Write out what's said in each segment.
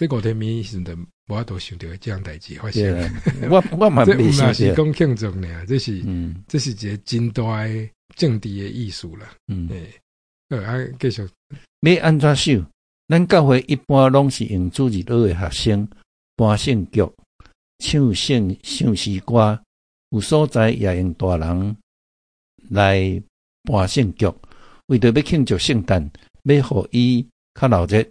這個題目實在我都想到這樣大事，我、啊、我唔呵是講慶祝呢，這是、嗯、這是一個真大的政治嘅藝術啦。嗯，誒、嗯啊，繼續。要安怎想？咱教會一般攏是用自己啲學生扮聖劇，唱聖唱詩歌，有所在也用大人來扮聖劇。為咗要慶祝聖誕，要互伊較鬧熱。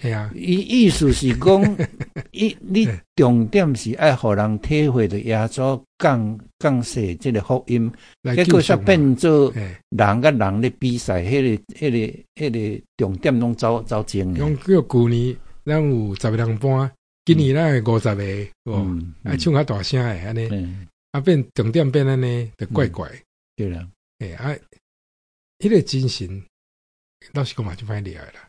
係對啊，伊意思是講，伊 你重點是愛互人體會着耶穌降降世，即個福音。結果煞變做人甲人咧比賽，迄、欸那個迄、那個迄、那個重點攏走走精嘅。叫舊年咱有十個人半，今年咧五十個，哦，嗯嗯、愛唱較大聲嘅，安尼，欸、啊變重點變安尼就怪怪、嗯。對啦、啊，誒、欸，啊，迄、那個精神，倒是講嘛就厲害啦。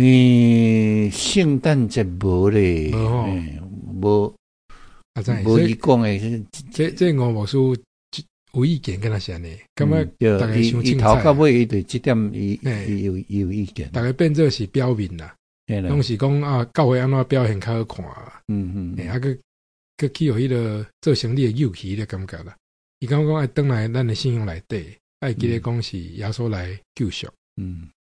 嗯，聖誕節無咧，冇，冇意見嘅。即即我我即有意見，咁啊，咁啊，大家想清楚。頭到尾伊對即點，有有意見。大概變做是表面啦，攏是講啊，教會安怎表現較好看。嗯嗯，啊閣閣去互迄呢，做生理又起呢，感覺啦。你講講愛倒來，咱誒信用內底，愛記得講是耶穌來救贖。嗯。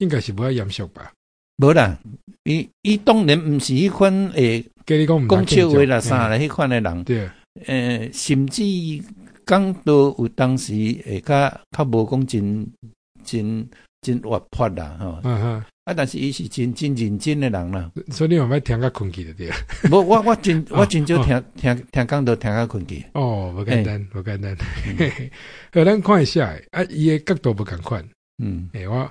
應該是無咁嚴肅吧？無啦，伊伊當然毋是迄款你講笑話啦，啥啦，迄款誒人，誒，甚至講都有當時會較較無講真真真活潑啦，吓，啊，但是伊是真真認真誒人啦。所以唔係聽較困去就對。啊？冇，我我真我真少聽聽聽講到聽較困去。哦，無簡單，無簡單，有咱看一下，啊，伊誒角度無共款。嗯，誒，我。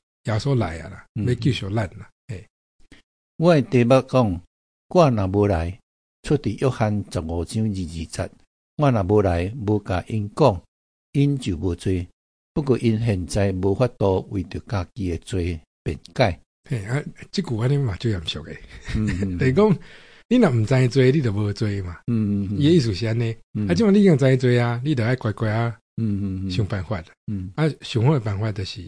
也所來啊啦，未繼續爛啦。欸、我誒題目講，我若無來，出地約翰十五章二二節，我若無來，無甲因講，因就無罪。不過因現在無法度為着家己嘅罪辯解。嘿、欸，啊，即句話你嘛最嚴肅嘅。你講、嗯哼， 你若毋知罪，你就無罪嘛。嗯嗯哼伊意思是安尼，嗯、哼啊，即嘛你已經知罪啊？你着愛乖乖啊？嗯嗯哼想辦法。嗯哼。啊，最好誒辦法就是。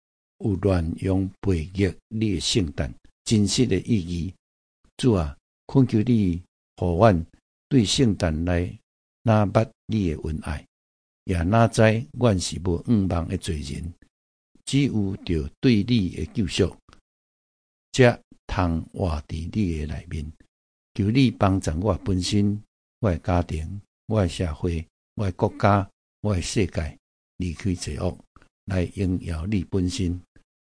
有亂用白日你嘅聖誕，真實嘅意義，主啊！懇求你，互阮對聖誕來那捌你嘅恩愛，也那知阮是無向望嘅罪人，只有着對你的救贖，才通活佇你嘅內面。求你幫助我本身，我的家庭，我的社會，我的國家，我的世界，離開罪惡來榮耀你本身。